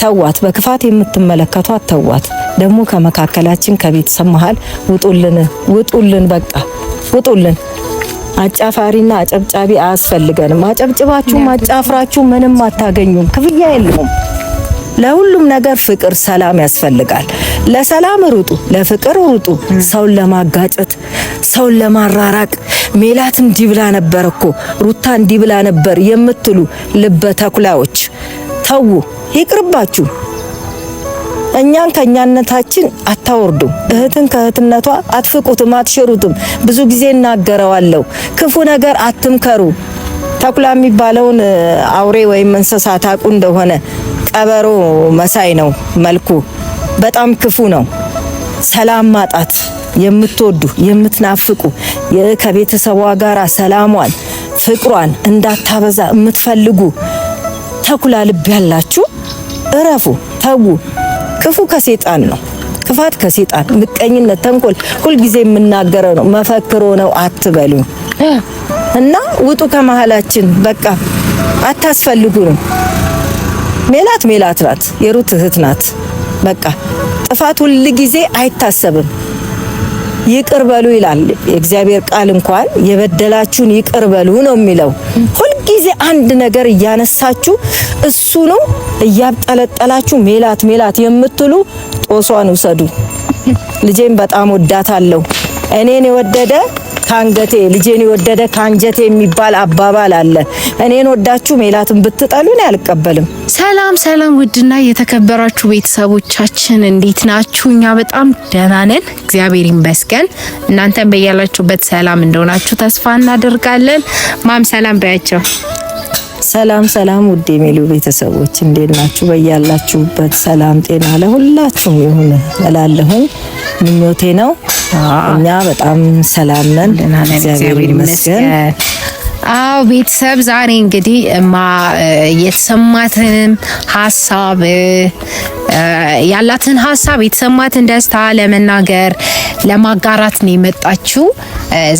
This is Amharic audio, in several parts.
ተዋት፣ በክፋት የምትመለከቷት ተዋት። ደግሞ ከመካከላችን ከቤተሰብ መሀል ውጡልን፣ ውጡልን፣ በቃ ውጡልን። አጫፋሪና አጨብጫቢ አያስፈልገንም። አጨብጭባችሁም አጫፍራችሁ ምንም አታገኙም፣ ክፍያ የለውም። ለሁሉም ነገር ፍቅር፣ ሰላም ያስፈልጋል። ለሰላም ሩጡ፣ ለፍቅር ሩጡ። ሰውን ለማጋጨት ሰውን ለማራራቅ ሜላት እንዲህ ብላ ነበር እኮ ሩታ እንዲህ ብላ ነበር የምትሉ ልበ ተኩላዎች ተዉ። ይቅርባችሁ። እኛን ከእኛነታችን አታወርዱ እህትን ከእህትነቷ አትፍቁትም፣ አትሽሩትም። ብዙ ጊዜ እናገረዋለሁ። ክፉ ነገር አትምከሩ። ተኩላ የሚባለውን አውሬ ወይም እንስሳ ታቁ እንደሆነ ቀበሮ መሳይ ነው መልኩ፣ በጣም ክፉ ነው። ሰላም ማጣት የምትወዱ የምትናፍቁ ከቤተሰቧ ጋር ሰላሟን ፍቅሯን እንዳታበዛ የምትፈልጉ ተኩላ ልብ ያላችሁ እረፉ፣ ተዉ። ክፉ ከሴጣን ነው። ክፋት ከሴጣን ምቀኝነት፣ ተንኮል ሁልጊዜ የምናገረው ነው። መፈክሮ ነው አትበሉኝ እና ውጡ ከመሃላችን በቃ አታስፈልጉንም። ሜላት ሜላት ናት፣ የሩት እህት ናት። በቃ ጥፋት ሁልጊዜ አይታሰብም። ይቅር በሉ ይላል የእግዚአብሔር ቃል። እንኳን የበደላችሁን ይቅር በሉ ነው የሚለው። ሁልጊዜ አንድ ነገር እያነሳችሁ ነው እያብጠለጠላችሁ ሜላት ሜላት የምትሉ ጦሷን ውሰዱ። ልጄን በጣም ወዳታለሁ። እኔን የወደደ ከአንገቴ ልጄን የወደደ ከአንጀቴ የሚባል አባባል አለ። እኔን ወዳችሁ ሜላትን ብትጠሉን አልቀበልም። ሰላም ሰላም፣ ውድና የተከበራችሁ ቤተሰቦቻችን እንዴት ናችሁ? እኛ በጣም ደህና ነን፣ እግዚአብሔር ይመስገን። እናንተን በያላችሁበት ሰላም እንደሆናችሁ ተስፋ እናደርጋለን። ማም ሰላም በያቸው። ሰላም ሰላም፣ ውድ የሚሉ ቤተሰቦች እንዴት ናችሁ? በያላችሁበት ሰላም ጤና ለሁላችሁም ይሁን እላለሁኝ፣ ምኞቴ ነው። እኛ በጣም ሰላም ነን፣ እግዚአብሔር ይመስገን። አዎ ቤተሰብ ዛሬ እንግዲህ እማ የተሰማትንም ሀሳብ ያላትን ሀሳብ የተሰማትን ደስታ ለመናገር ለማጋራት ነው የመጣችው።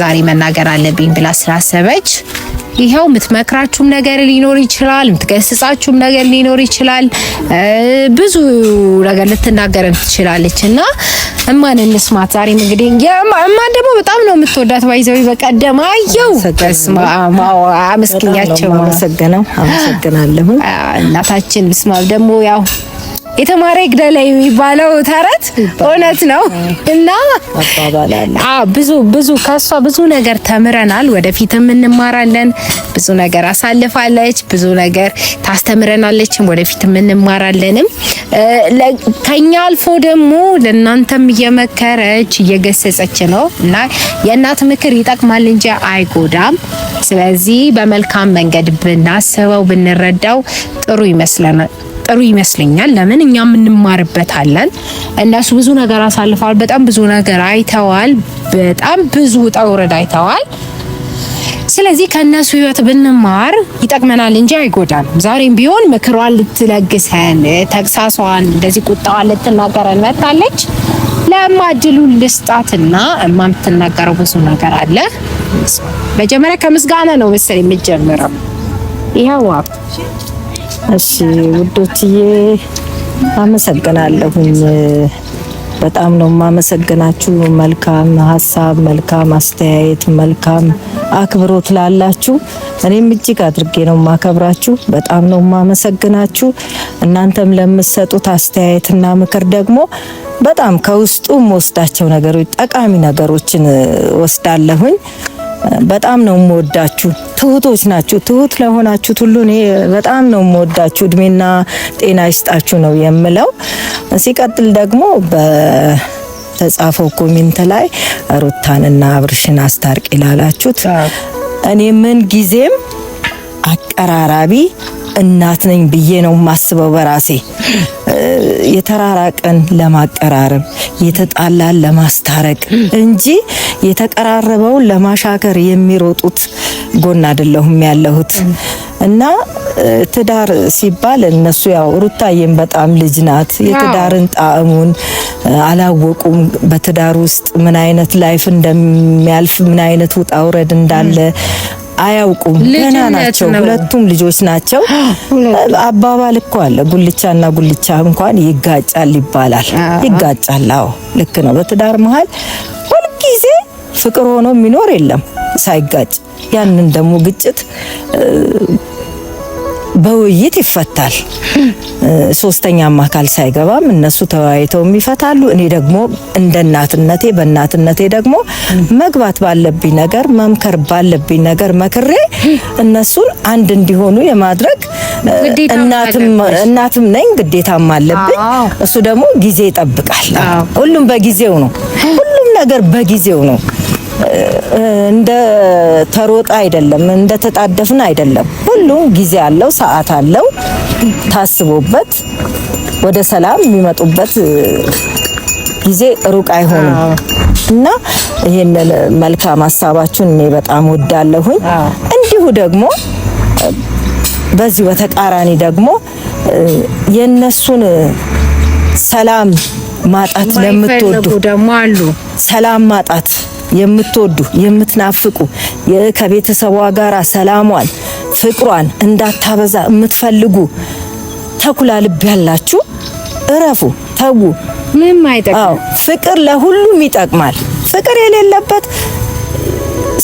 ዛሬ መናገር አለብኝ ብላ ስላሰበች ይኸው የምትመክራችሁም ነገር ሊኖር ይችላል፣ የምትገስጻችሁም ነገር ሊኖር ይችላል፣ ብዙ ነገር ልትናገርም ትችላለች እና እማን እንስማት። ዛሬም እንግዲህ እማን ደግሞ በጣም ነው የምትወዳት። ባይዘው በቀደም አየው ስማ አመስግኛቸው፣ አመሰግናለሁ እናታችን። ብስማ ደግሞ ያው የተማረ ይግደል የሚባለው ተረት እውነት ነው እና ብዙ ብዙ ከሷ ብዙ ነገር ተምረናል። ወደፊትም እንማራለን። ብዙ ነገር አሳልፋለች፣ ብዙ ነገር ታስተምረናለች። ወደፊትም እንማራለንም። ከኛ አልፎ ደግሞ ለእናንተም እየመከረች እየገሰጸች ነው እና የእናት ምክር ይጠቅማል እንጂ አይጎዳም። ስለዚህ በመልካም መንገድ ብናስበው ብንረዳው ጥሩ ይመስለናል። ጥሩ ይመስለኛል። ለምን እኛ እንማርበታለን። እነሱ ብዙ ነገር አሳልፈዋል። በጣም ብዙ ነገር አይተዋል። በጣም ብዙ ውጣ ውረድ አይተዋል። ስለዚህ ከነሱ ህይወት ብንማር ይጠቅመናል እንጂ አይጎዳም። ዛሬም ቢሆን ምክሯን ልትለግሰን ተግሳሷን፣ እንደዚህ ቁጣዋን ልትናገረን መጣለች። ለእማ እድሉን ልስጣትና እማ የምትናገረው ብዙ ነገር አለ። መጀመሪያ ከምስጋና ነው መሰለኝ የምትጀምረው። ይኸው እሺ ውዶችዬ አመሰግናለሁኝ። በጣም ነው የማመሰግናችሁ። መልካም ሀሳብ፣ መልካም አስተያየት፣ መልካም አክብሮት ላላችሁ እኔም እጅግ አድርጌ ነው የማከብራችሁ። በጣም ነው የማመሰግናችሁ። እናንተም ለምትሰጡት አስተያየትና ምክር ደግሞ በጣም ከውስጡ ወስዳቸው ነገሮች ጠቃሚ ነገሮችን ወስዳለሁኝ። በጣም ነው የምወዳችሁ። ትሁቶች ናችሁ። ትሁት ለሆናችሁት ሁሉ እኔ በጣም ነው የምወዳችሁ። እድሜና ጤና ይስጣችሁ ነው የምለው። ሲቀጥል ደግሞ በተጻፈው ኮሜንት ላይ ሩታንና አብርሽን አስታርቅ ይላላችሁት እኔ ምን ጊዜም አቀራራቢ እናት ነኝ ብዬ ነው ማስበው በራሴ የተራራቀን ለማቀራረብ የተጣላን ለማስታረቅ እንጂ የተቀራረበውን ለማሻከር የሚሮጡት ጎን አይደለሁም ያለሁት እና ትዳር ሲባል እነሱ ያው ሩታዬም በጣም ልጅ ናት። የትዳርን ጣዕሙን አላወቁም። በትዳር ውስጥ ምን አይነት ላይፍ እንደሚያልፍ ምን አይነት ውጣ ውረድ እንዳለ አያውቁም። ገና ናቸው፣ ሁለቱም ልጆች ናቸው። አባባል እኮ አለ ጉልቻና ጉልቻ እንኳን ይጋጫል ይባላል። ይጋጫል። አዎ ልክ ነው። በትዳር መሀል ሁልጊዜ ፍቅር ሆኖ የሚኖር የለም ሳይጋጭ። ያንን ደግሞ ግጭት በውይይት ይፈታል። ሶስተኛም አካል ሳይገባም እነሱ ተወያይተውም ይፈታሉ። እኔ ደግሞ እንደ እናትነቴ በእናትነቴ ደግሞ መግባት ባለብኝ ነገር መምከር ባለብኝ ነገር መክሬ እነሱን አንድ እንዲሆኑ የማድረግ እናትም ነኝ ግዴታም አለብኝ። እሱ ደግሞ ጊዜ ይጠብቃል። ሁሉም በጊዜው ነው። ሁሉም ነገር በጊዜው ነው። እንደ ተሮጣ አይደለም፣ እንደ ተጣደፍን አይደለም። ሁሉም ጊዜ አለው፣ ሰዓት አለው። ታስቦበት ወደ ሰላም የሚመጡበት ጊዜ ሩቅ አይሆንም እና ይህንን መልካም ሀሳባችሁን እኔ በጣም ወዳለሁኝ። እንዲሁ ደግሞ በዚሁ በተቃራኒ ደግሞ የነሱን ሰላም ማጣት ለምትወዱ ደግሞ አሉ ሰላም ማጣት የምትወዱ የምትናፍቁ ከቤተሰቧ ጋር ሰላሟን ፍቅሯን እንዳታበዛ የምትፈልጉ ተኩላ ልብ ያላችሁ እረፉ፣ ተዉ። ምንም አይጠቅም። ፍቅር ለሁሉም ይጠቅማል። ፍቅር የሌለበት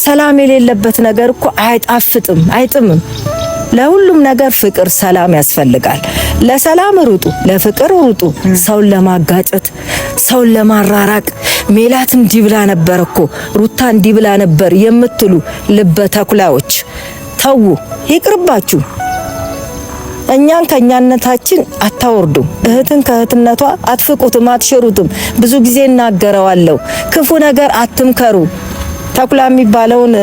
ሰላም የሌለበት ነገር እኮ አይጣፍጥም፣ አይጥምም። ለሁሉም ነገር ፍቅር፣ ሰላም ያስፈልጋል። ለሰላም ሩጡ፣ ለፍቅር ሩጡ። ሰውን ለማጋጨት፣ ሰውን ለማራራቅ ሜላት እንዲህ ብላ ነበር እኮ ሩታ እንዲህ ብላ ነበር የምትሉ ልበ ተኩላዎች ተዉ፣ ይቅርባችሁ። እኛን ከእኛነታችን አታወርዱም። እህትን ከእህትነቷ አትፍቁትም፣ አትሽሩትም። ብዙ ጊዜ እናገረዋለሁ። ክፉ ነገር አትምከሩ። ተኩላ የሚባለውን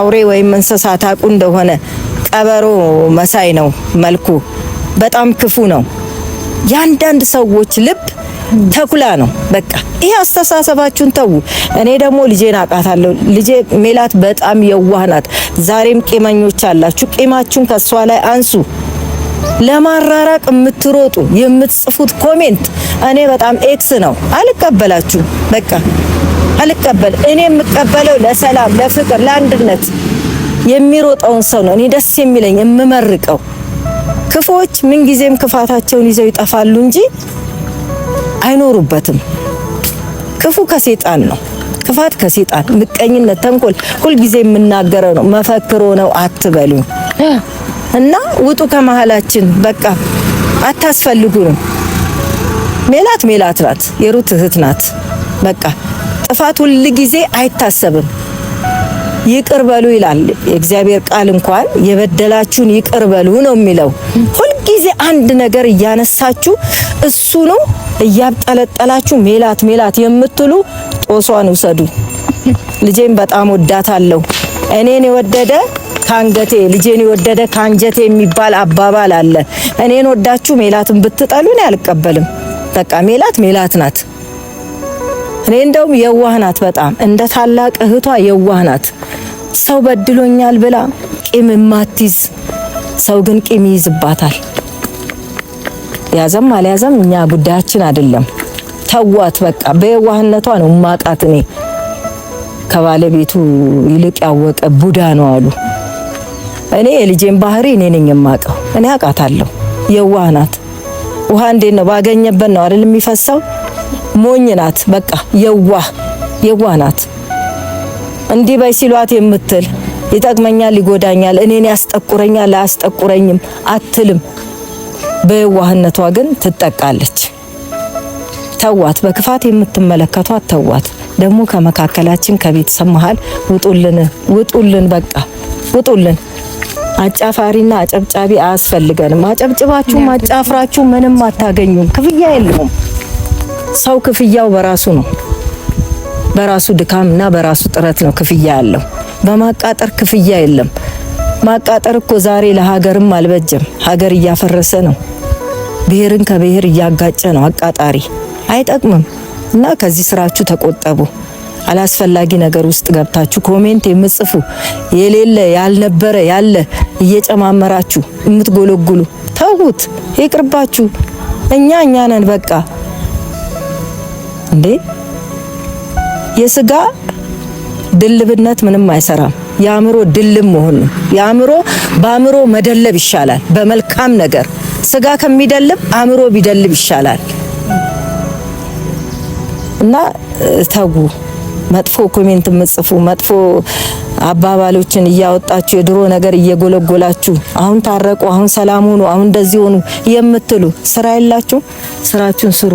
አውሬ ወይም እንስሳ ታቁ እንደሆነ ቀበሮ መሳይ ነው መልኩ፣ በጣም ክፉ ነው። የአንዳንድ ሰዎች ልብ ተኩላ ነው። በቃ ይሄ አስተሳሰባችሁን ተዉ። እኔ ደግሞ ልጄን አውቃታለሁ። ልጄ ሜላት በጣም የዋህ ናት። ዛሬም ቂመኞች አላችሁ፣ ቂማችሁን ከሷ ላይ አንሱ። ለማራራቅ የምትሮጡ የምትጽፉት ኮሜንት እኔ በጣም ኤክስ ነው፣ አልቀበላችሁም። በቃ አልቀበል። እኔ የምቀበለው ለሰላም፣ ለፍቅር፣ ለአንድነት የሚሮጠውን ሰው ነው እኔ ደስ የሚለኝ የምመርቀው። ክፎች ምንጊዜም ክፋታቸውን ይዘው ይጠፋሉ እንጂ አይኖሩበትም። ክፉ ከሴጣን ነው። ክፋት ከሴጣን ምቀኝነት፣ ተንኮል ሁልጊዜ የምናገረው ነው። መፈክሮ ነው አትበሉ እና ውጡ ከመሃላችን በቃ አታስፈልጉንም። ሜላት ሜላት ናት፣ የሩት እህት ናት። በቃ ጥፋት ሁልጊዜ አይታሰብም። ይቅር በሉ ይላል የእግዚአብሔር ቃል። እንኳን የበደላችሁን ይቅር በሉ ነው የሚለው። ሁልጊዜ አንድ ነገር እያነሳችሁ ነው እያብጠለጠላችሁ ሜላት ሜላት የምትሉ ጦሷን ውሰዱ። ልጄን በጣም ወዳታለሁ። እኔን የወደደ ካንገቴ ልጄን የወደደ ካንጀቴ የሚባል አባባል አለ። እኔን ወዳችሁ ሜላትን ብትጠሉ እኔ አልቀበልም። በቃ ሜላት ሜላት ናት። እኔ እንደውም የዋህ ናት በጣም እንደ ታላቅ እህቷ የዋህ ናት። ሰው በድሎኛል ብላ ቂም ማትይዝ ሰው ግን ቂም ይይዝባታል። ያዘም አልያዘም እኛ ጉዳያችን አይደለም። ተዋት በቃ በየዋህነቷ ነው ማቃት። እኔ ከባለቤቱ ይልቅ ያወቀ ቡዳ ነው አሉ። እኔ የልጄን ባህሪ እኔ ነኝ የማቀው። እኔ አውቃታለሁ። የዋህ ናት። ውሃ እንዴት ነው ባገኘበት ነው አይደል የሚፈሳው ሞኝ ናት። በቃ የዋህ የዋህ ናት። እንዲህ በይ ሲሏት የምትል ይጠቅመኛል፣ ይጎዳኛል፣ እኔን ያስጠቁረኛል፣ አያስጠቁረኝም አትልም። በየዋህነቷ ግን ትጠቃለች። ተዋት፣ በክፋት የምትመለከቷት ተዋት። ደግሞ ከመካከላችን ከቤተሰብ መሀል ውጡልን፣ ውጡልን፣ በቃ ውጡልን። አጫፋሪና አጨብጫቢ አያስፈልገንም። አጨብጭባችሁም አጫፍራችሁ ምንም አታገኙም። ክፍያ የለውም። ሰው ክፍያው በራሱ ነው። በራሱ ድካም እና በራሱ ጥረት ነው ክፍያ ያለው። በማቃጠር ክፍያ የለም። ማቃጠር እኮ ዛሬ ለሀገርም አልበጀም። ሀገር እያፈረሰ ነው። ብሔርን ከብሔር እያጋጨ ነው። አቃጣሪ አይጠቅምም እና ከዚህ ስራችሁ ተቆጠቡ። አላስፈላጊ ነገር ውስጥ ገብታችሁ ኮሜንት የምጽፉ የሌለ ያልነበረ ያለ እየጨማመራችሁ የምትጎለጉሉ ተዉት፣ ይቅርባችሁ። እኛ እኛ ነን በቃ። እንዴ የስጋ ድልብነት ምንም አይሰራም። የአእምሮ ድልብ መሆን ነው። የአእምሮ በአእምሮ መደለብ ይሻላል። በመልካም ነገር ስጋ ከሚደልብ አእምሮ ቢደልብ ይሻላል እና ተጉ መጥፎ ኮሜንት የምጽፉ መጥፎ አባባሎችን እያወጣችሁ የድሮ ነገር እየጎለጎላችሁ አሁን ታረቁ፣ አሁን ሰላም ሆኑ፣ አሁን እንደዚህ ሆኑ የምትሉ ስራ የላችሁ። ስራችሁን ስሩ።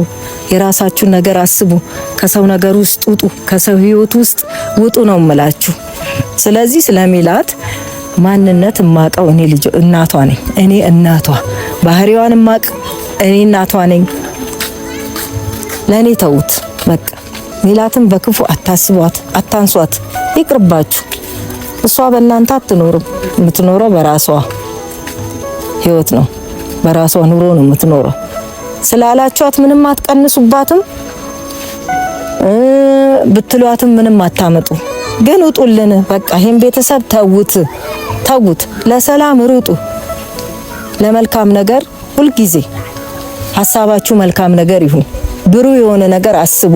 የራሳችሁን ነገር አስቡ። ከሰው ነገር ውስጥ ውጡ፣ ከሰው ህይወት ውስጥ ውጡ ነው እምላችሁ። ስለዚህ ስለሚላት ማንነት እማቀው እኔ ልጅ እናቷ ነኝ። እኔ እናቷ ባህሪዋን እማቅ እኔ እናቷ ነኝ። ለእኔ ተዉት በቃ ሜላትን በክፉ አታስቧት፣ አታንሷት፣ ይቅርባችሁ። እሷ በእናንተ አትኖርም። የምትኖረው በራሷ ህይወት ነው፣ በራሷ ኑሮ ነው የምትኖረው ስላላችኋት ምንም አትቀንሱባትም። ብትሏትም ምንም አታመጡ። ግን ውጡልን፣ በቃ ይሄን ቤተሰብ ተውት፣ ተውት። ለሰላም ሩጡ፣ ለመልካም ነገር ሁልጊዜ ሀሳባችሁ መልካም ነገር ይሁን። ብሩህ የሆነ ነገር አስቡ።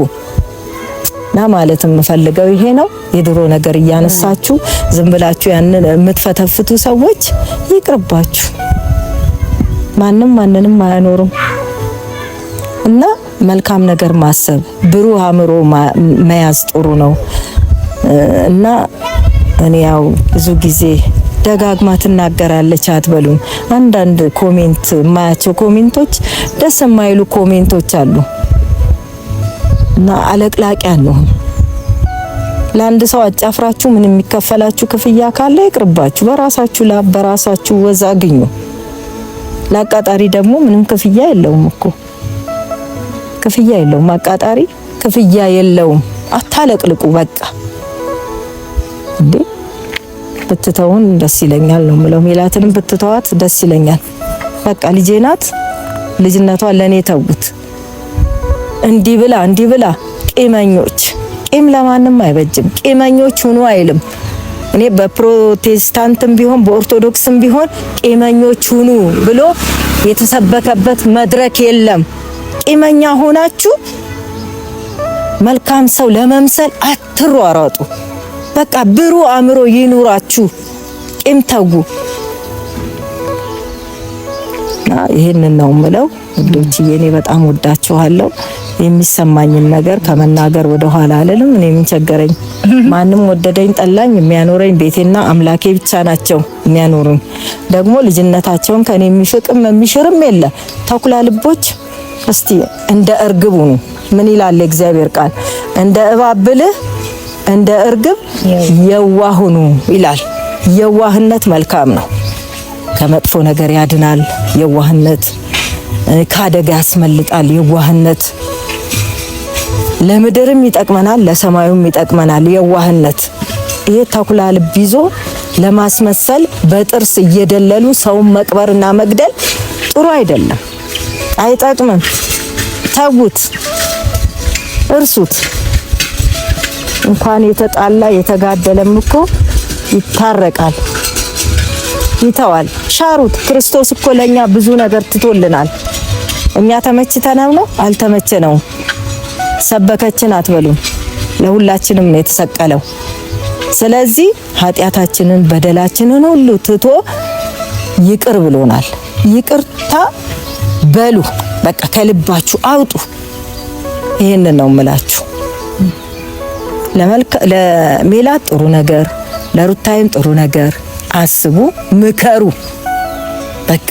እና ማለት የምፈልገው ይሄ ነው። የድሮ ነገር እያነሳችሁ ዝም ብላችሁ ያንን የምትፈተፍቱ ሰዎች ይቅርባችሁ። ማንም ማንንም አያኖርም እና መልካም ነገር ማሰብ፣ ብሩህ አእምሮ መያዝ ጥሩ ነው እና እኔ ያው ብዙ ጊዜ ደጋግማ ትናገራለች አትበሉኝ። አንዳንድ ኮሜንት የማያቸው ኮሜንቶች ደስ የማይሉ ኮሜንቶች አሉ። እና አለቅላቂ አንሁን። ለአንድ ሰው አጫፍራችሁ ምን የሚከፈላችሁ ክፍያ ካለ ይቅርባችሁ። በራሳችሁ ላብ በራሳችሁ ወዝ አግኙ። ለአቃጣሪ ደግሞ ምንም ክፍያ የለውም እኮ ክፍያ የለውም። አቃጣሪ ክፍያ የለውም። አታለቅልቁ። በቃ እንዴ ብትተውን ደስ ይለኛል ነው ምለው። ሜላትንም ብትተዋት ደስ ይለኛል። በቃ ልጄ ናት። ልጅነቷን ለኔ ተውት። እንዲህ ብላ እንዲህ ብላ ቂመኞች። ቂም ለማንም አይበጅም። ቂመኞች ሁኑ አይልም። እኔ በፕሮቴስታንትም ቢሆን በኦርቶዶክስም ቢሆን ቂመኞች ሁኑ ብሎ የተሰበከበት መድረክ የለም። ቂመኛ ሆናችሁ መልካም ሰው ለመምሰል አትሯሯጡ። በቃ ብሩ አእምሮ ይኑራችሁ። ቂም ተጉ። ይህንን ነው ምለው። ልጅዬ እኔ በጣም ወዳችኋለሁ። የሚሰማኝን ነገር ከመናገር ወደ ኋላ አልልም። እኔ የምንቸገረኝ ማንም ወደደኝ ጠላኝ፣ የሚያኖረኝ ቤቴና አምላኬ ብቻ ናቸው የሚያኖሩኝ። ደግሞ ልጅነታቸውን ከኔ የሚፍቅም የሚሽርም የለ። ተኩላ ልቦች እስቲ እንደ እርግብ ሁኑ። ምን ይላል እግዚአብሔር ቃል? እንደ እባብ ብልህ እንደ እርግብ የዋህ ሁኑ ይላል። የዋህነት መልካም ነው። ከመጥፎ ነገር ያድናል የዋህነት፣ ከአደጋ ያስመልጣል የዋህነት ለምድርም ይጠቅመናል፣ ለሰማዩም ይጠቅመናል። የዋህነት ይሄ ተኩላ ልብ ይዞ ለማስመሰል በጥርስ እየደለሉ ሰውን መቅበርና መግደል ጥሩ አይደለም፣ አይጠቅምም። ተዉት፣ እርሱት። እንኳን የተጣላ የተጋደለም እኮ ይታረቃል፣ ይተዋል። ሻሩት። ክርስቶስ እኮ ለኛ ብዙ ነገር ትቶልናል። እኛ ተመችተነው ነው? አልተመቸነውም። ሰበከችን አትበሉም። ለሁላችንም ነው የተሰቀለው። ስለዚህ ኃጢአታችንን በደላችንን ሁሉ ትቶ ይቅር ብሎናል። ይቅርታ በሉ፣ በቃ ከልባችሁ አውጡ። ይህንን ነው የምላችሁ። ለሜላት ጥሩ ነገር፣ ለሩታይም ጥሩ ነገር አስቡ፣ ምከሩ። በቃ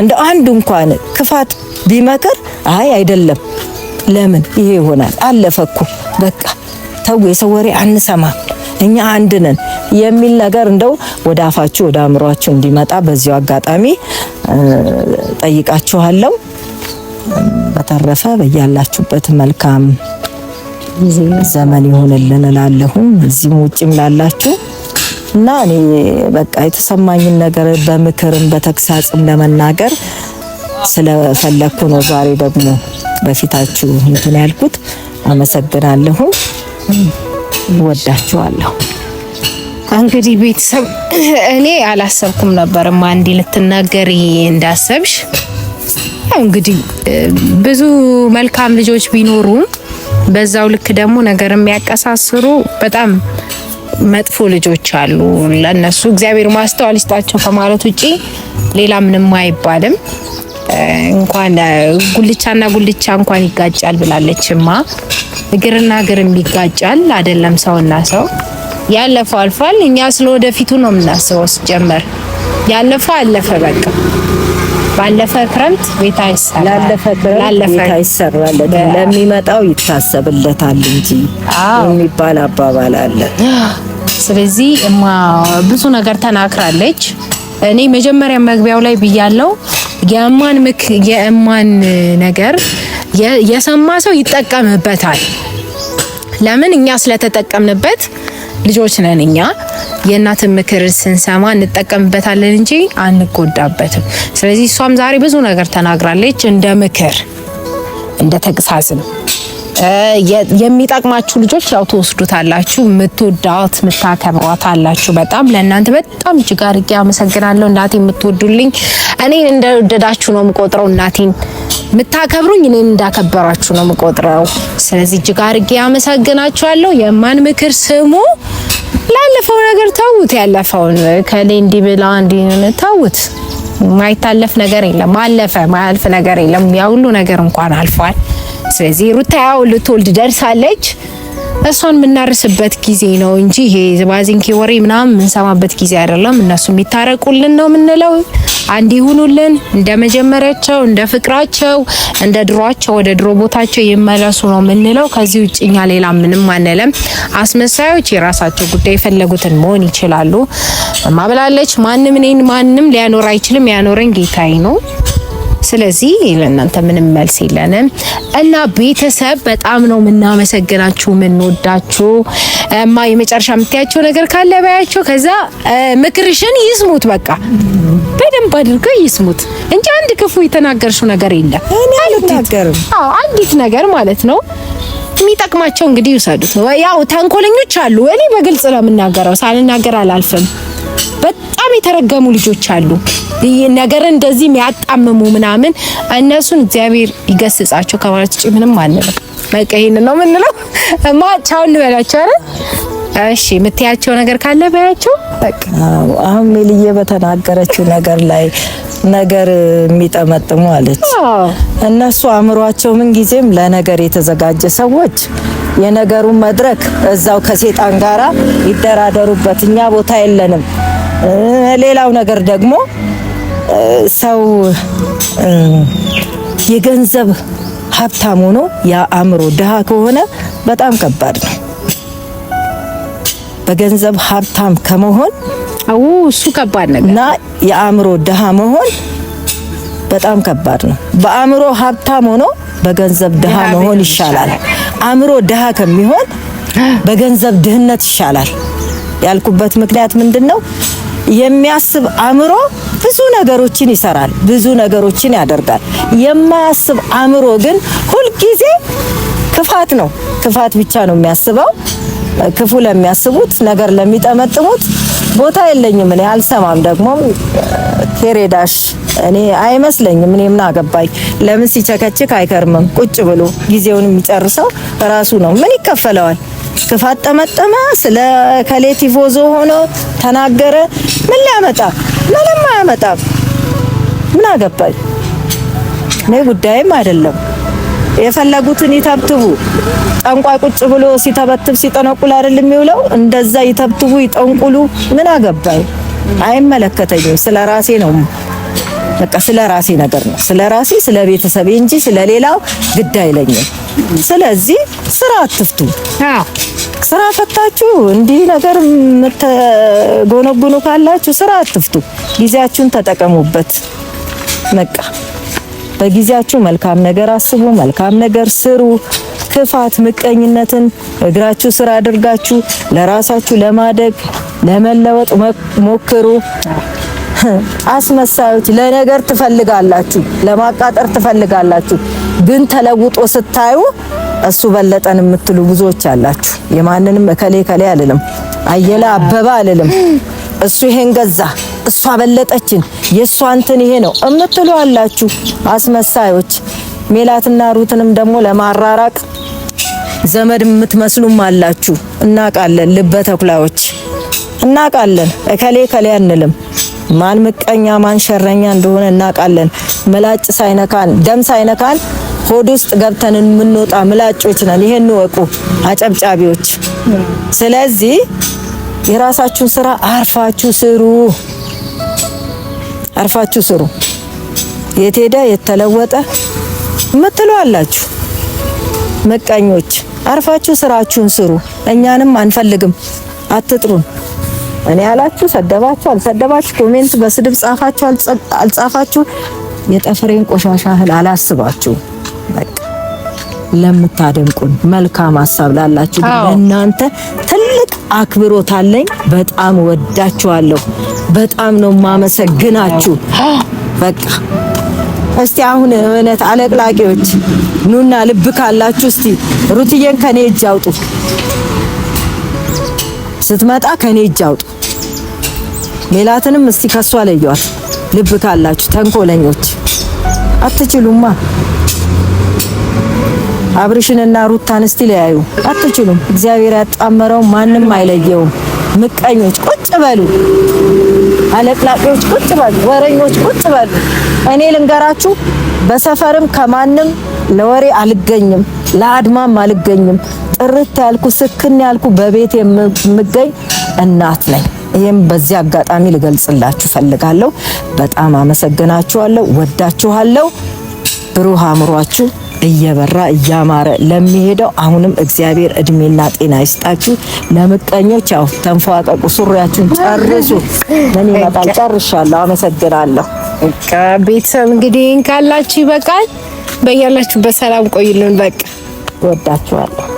እንደ አንዱ እንኳን ክፋት ቢመክር አይ አይደለም ለምን ይሄ ይሆናል? አለፈኩ በቃ ተው፣ የሰው ወሬ አንሰማም፣ እኛ አንድ ነን የሚል ነገር እንደው ወደ አፋችሁ ወደ አእምሯችሁ እንዲመጣ በዚሁ አጋጣሚ ጠይቃችኋለሁ። በተረፈ በያላችሁበት መልካም ዘመን ይሁንልን እላለሁም እዚህም ውጭም ላላችሁ እና እኔ በቃ የተሰማኝን ነገር በምክርም በተግሳጽም ለመናገር ስለፈለግኩ ነው ዛሬ ደግሞ በፊታችሁ እንትን ያልኩት። አመሰግናለሁ፣ ወዳችኋለሁ። እንግዲህ ቤተሰብ እኔ አላሰብኩም ነበር ማንዲ ልትናገሪ እንዳሰብሽ። እንግዲህ ብዙ መልካም ልጆች ቢኖሩም በዛው ልክ ደግሞ ነገር የሚያቀሳስሩ በጣም መጥፎ ልጆች አሉ። ለነሱ እግዚአብሔር ማስተዋል ይስጣቸው ከማለት ውጪ ሌላ ምንም አይባልም። እንኳን ጉልቻና ጉልቻ እንኳን ይጋጫል ብላለችማ። እግርና እግርም ይጋጫል አይደለም ሰውና ሰው። ያለፈው አልፏል። እኛ ስለ ወደፊቱ ነው የምናስበው። ሲጀመር ያለፈው አለፈ በቃ። ባለፈ ክረምት ቤት አይሰራል፣ ላለፈ አይሰራል፣ ለሚመጣው ይታሰብለታል እንጂ የሚባል አባባል አለ። ስለዚህ እማ ብዙ ነገር ተናክራለች። እኔ መጀመሪያ መግቢያው ላይ ብያለው የእማን ምክ የእማን ነገር የሰማ ሰው ይጠቀምበታል። ለምን እኛ ስለተጠቀምንበት ልጆች ነን። እኛ የእናትን ምክር ስንሰማ እንጠቀምበታለን እንጂ አንጎዳበትም። ስለዚህ እሷም ዛሬ ብዙ ነገር ተናግራለች፣ እንደ ምክር እንደ ተግሳጽም የሚጠቅማችሁ ልጆች ያው ትወስዱታላችሁ። የምትወዳት የምታከብሯት አላችሁ። በጣም ለእናንተ በጣም እጅግ አድርጌ አመሰግናለሁ። እናቴ የምትወዱልኝ እኔን እንደወደዳችሁ ነው የምቆጥረው። እናቴን የምታከብሩኝ እኔን እንዳከበራችሁ ነው የምቆጥረው። ስለዚህ እጅግ አድርጌ አመሰግናችኋለሁ። የማን ምክር ስሙ። ላለፈው ነገር ተውት። ያለፈውን ከሌ እንዲህ ብላ እንዲህ ተውት። የማይታለፍ ነገር የለም። አለፈ ማያልፍ ነገር የለም። ያ ሁሉ ነገር እንኳን አልፏል። ስለዚህ ሩታ ያው ልትወልድ ደርሳለች። እሷን የምናርስበት ጊዜ ነው እንጂ ይሄ ባዚንኪ ወሬ ምናምን የምንሰማበት ጊዜ አይደለም። እነሱ የሚታረቁልን ነው የምንለው። አንድ ይሁኑልን፣ እንደ መጀመሪያቸው፣ እንደ ፍቅራቸው፣ እንደ ድሯቸው ወደ ድሮ ቦታቸው ይመለሱ ነው የምንለው። ከዚህ ውጭ እኛ ሌላ ምንም አንለም። አስመሳዮች የራሳቸው ጉዳይ የፈለጉትን መሆን ይችላሉ። ማብላለች ማንም እኔን ማንም ሊያኖር አይችልም። ያኖረን ጌታዬ ነው። ስለዚህ ለእናንተ ምንም መልስ የለንም እና ቤተሰብ በጣም ነው የምናመሰግናችሁ፣ የምንወዳችሁ። እማ የመጨረሻ የምታያቸው ነገር ካለ በያቸው። ከዛ ምክርሽን ይስሙት፣ በቃ በደንብ አድርገው ይስሙት እንጂ አንድ ክፉ የተናገርሽው ነገር የለም። አዎ አንዲት ነገር ማለት ነው የሚጠቅማቸው እንግዲህ ይውሰዱት። ያው ተንኮለኞች አሉ። እኔ በግልጽ ነው የምናገረው፣ ሳልናገር አላልፍም። የተረገሙ ልጆች አሉ፣ ነገር እንደዚህ የሚያጣምሙ ምናምን። እነሱን እግዚአብሔር ይገስጻቸው ከማለት ውጭ ምንም አንልም። በቃ ይሄን ነው የምንለው። እማ ቻው እንበላቸው አረ እሺ የምትያቸው ነገር ካለ በያቸው። በቃ አሁን ሜልዬ በተናገረችው ነገር ላይ ነገር የሚጠመጥሙ አለች። እነሱ አእምሯቸው ምን ጊዜም ለነገር የተዘጋጀ ሰዎች የነገሩን መድረክ እዛው ከሴጣን ጋራ ይደራደሩበት። እኛ ቦታ የለንም። ሌላው ነገር ደግሞ ሰው የገንዘብ ሀብታም ሆኖ የአእምሮ ድሃ ከሆነ በጣም ከባድ ነው። በገንዘብ ሀብታም ከመሆን አው እሱ ከባድ ነገር እና የአእምሮ ድሃ መሆን በጣም ከባድ ነው። በአእምሮ ሀብታም ሆኖ በገንዘብ ድሃ መሆን ይሻላል። አእምሮ ድሃ ከሚሆን በገንዘብ ድህነት ይሻላል። ያልኩበት ምክንያት ምንድን ነው? የሚያስብ አእምሮ ብዙ ነገሮችን ይሰራል፣ ብዙ ነገሮችን ያደርጋል። የማያስብ አእምሮ ግን ሁልጊዜ ክፋት ነው፣ ክፋት ብቻ ነው የሚያስበው። ክፉ ለሚያስቡት ነገር ለሚጠመጥሙት ቦታ የለኝም እኔ አልሰማም። ደግሞ ቴሬዳሽ እኔ አይመስለኝም። እኔ ምን አገባኝ? ለምን ሲቸከችክ አይከርምም? ቁጭ ብሎ ጊዜውን የሚጨርሰው ራሱ ነው። ምን ይከፈለዋል? ክፋት ጠመጠመ፣ ስለ ከሌቲቭ ወዞ ሆኖ ተናገረ። ምን ሊያመጣ ምንም አያመጣም። ምን አገባኝ እኔ ጉዳይም አይደለም። የፈለጉትን ይተብትቡ። ጠንቋይ ቁጭ ብሎ ሲተበትብ ሲጠነቁል አይደል የሚውለው? እንደዛ ይተብትቡ፣ ይጠንቁሉ። ምን አገባኝ? አይመለከተኝም። ስለ ራሴ ነው በቃ ስለ ራሴ ነገር ነው። ስለ ራሴ ስለ ቤተሰቤ እንጂ ስለ ሌላው ግድ አይለኝም። ስለዚህ ስራ አትፍቱ። ስራ ፈታችሁ እንዲህ ነገር የምትጎነጉኑ ካላችሁ ስራ አትፍቱ። ጊዜያችሁን ተጠቀሙበት። በቃ በጊዜያችሁ መልካም ነገር አስቡ፣ መልካም ነገር ስሩ። ክፋት፣ ምቀኝነትን እግራችሁ ስራ አድርጋችሁ ለራሳችሁ ለማደግ ለመለወጥ ሞክሩ። አስመሳዮች ለነገር ትፈልጋላችሁ፣ ለማቃጠር ትፈልጋላችሁ። ግን ተለውጦ ስታዩ እሱ በለጠን የምትሉ ብዙዎች አላችሁ። የማንንም እከሌ እከሌ አልልም፣ አየለ አበባ አልልም። እሱ ይሄን ገዛ፣ እሷ በለጠችን፣ የእሷ እንትን ይሄ ነው እምትሉ አላችሁ አስመሳዮች። ሜላትና ሩትንም ደግሞ ለማራራቅ ዘመድ የምትመስሉም አላችሁ። እናቃለን፣ ልበ ተኩላዎች እናቃለን። እከሌ እከሌ አንልም። ማን ምቀኛ ማን ሸረኛ እንደሆነ እናውቃለን። ምላጭ ሳይነካን ደም ሳይነካን ሆድ ውስጥ ገብተን የምንወጣ ምላጮች ነን። ይሄን ወቁ አጨብጫቢዎች። ስለዚህ የራሳችሁን ስራ አርፋችሁ ስሩ፣ አርፋችሁ ስሩ። የት ሄደ የተለወጠ ምትሉ አላችሁ ምቀኞች። አርፋችሁ ስራችሁን ስሩ። እኛንም አንፈልግም፣ አትጥሩን። እኔ ያላችሁ ሰደባችሁ አልሰደባችሁ፣ ኮሜንት በስድብ ጻፋችሁ አልጻፋችሁ፣ የጠፈሬን ቆሻሻ እህል አላስባችሁ። ለምታደምቁን ለምታደንቁን መልካም ሀሳብ ላላችሁ ለእናንተ ትልቅ አክብሮት አለኝ። በጣም ወዳችኋለሁ። በጣም ነው ማመሰግናችሁ። በቃ እስቲ አሁን እውነት አለቅላቂዎች ኑና ልብ ካላችሁ እስቲ ሩትዬን ከኔ እጅ አውጡ። ስትመጣ ከኔ እጅ አውጡ። ሜላትንም እስቲ ከሷ ለየዋት። ልብ ካላችሁ ተንኮለኞች አትችሉማ። አብርሽንና ሩታን እስቲ ለያዩ። አትችሉም። እግዚአብሔር ያጣመረው ማንም አይለየውም። ምቀኞች ቁጭ በሉ፣ አለቅላቂዎች ቁጭ በሉ፣ ወረኞች ቁጭ በሉ። እኔ ልንገራችሁ፣ በሰፈርም ከማንም ለወሬ አልገኝም፣ ለአድማም አልገኝም። ጥርት ያልኩ ስክን ያልኩ በቤት የምገኝ እናት ነኝ። ይህም በዚህ አጋጣሚ ልገልጽላችሁ ፈልጋለሁ። በጣም አመሰግናችኋለሁ፣ ወዳችኋለሁ። ብሩህ አእምሯችሁ እየበራ እያማረ ለሚሄደው አሁንም እግዚአብሔር እድሜና ጤና ይስጣችሁ። ለምቀኞች ያው ተንፏቀቁ፣ ሱሪያችሁን ጨርሱ። ምን ይመጣል? ጨርሻለሁ። አመሰግናለሁ። ቤተሰብ እንግዲህ ካላችሁ ይበቃል። በያላችሁበት ሰላም ቆይልን። በቃ ወዳችኋለሁ።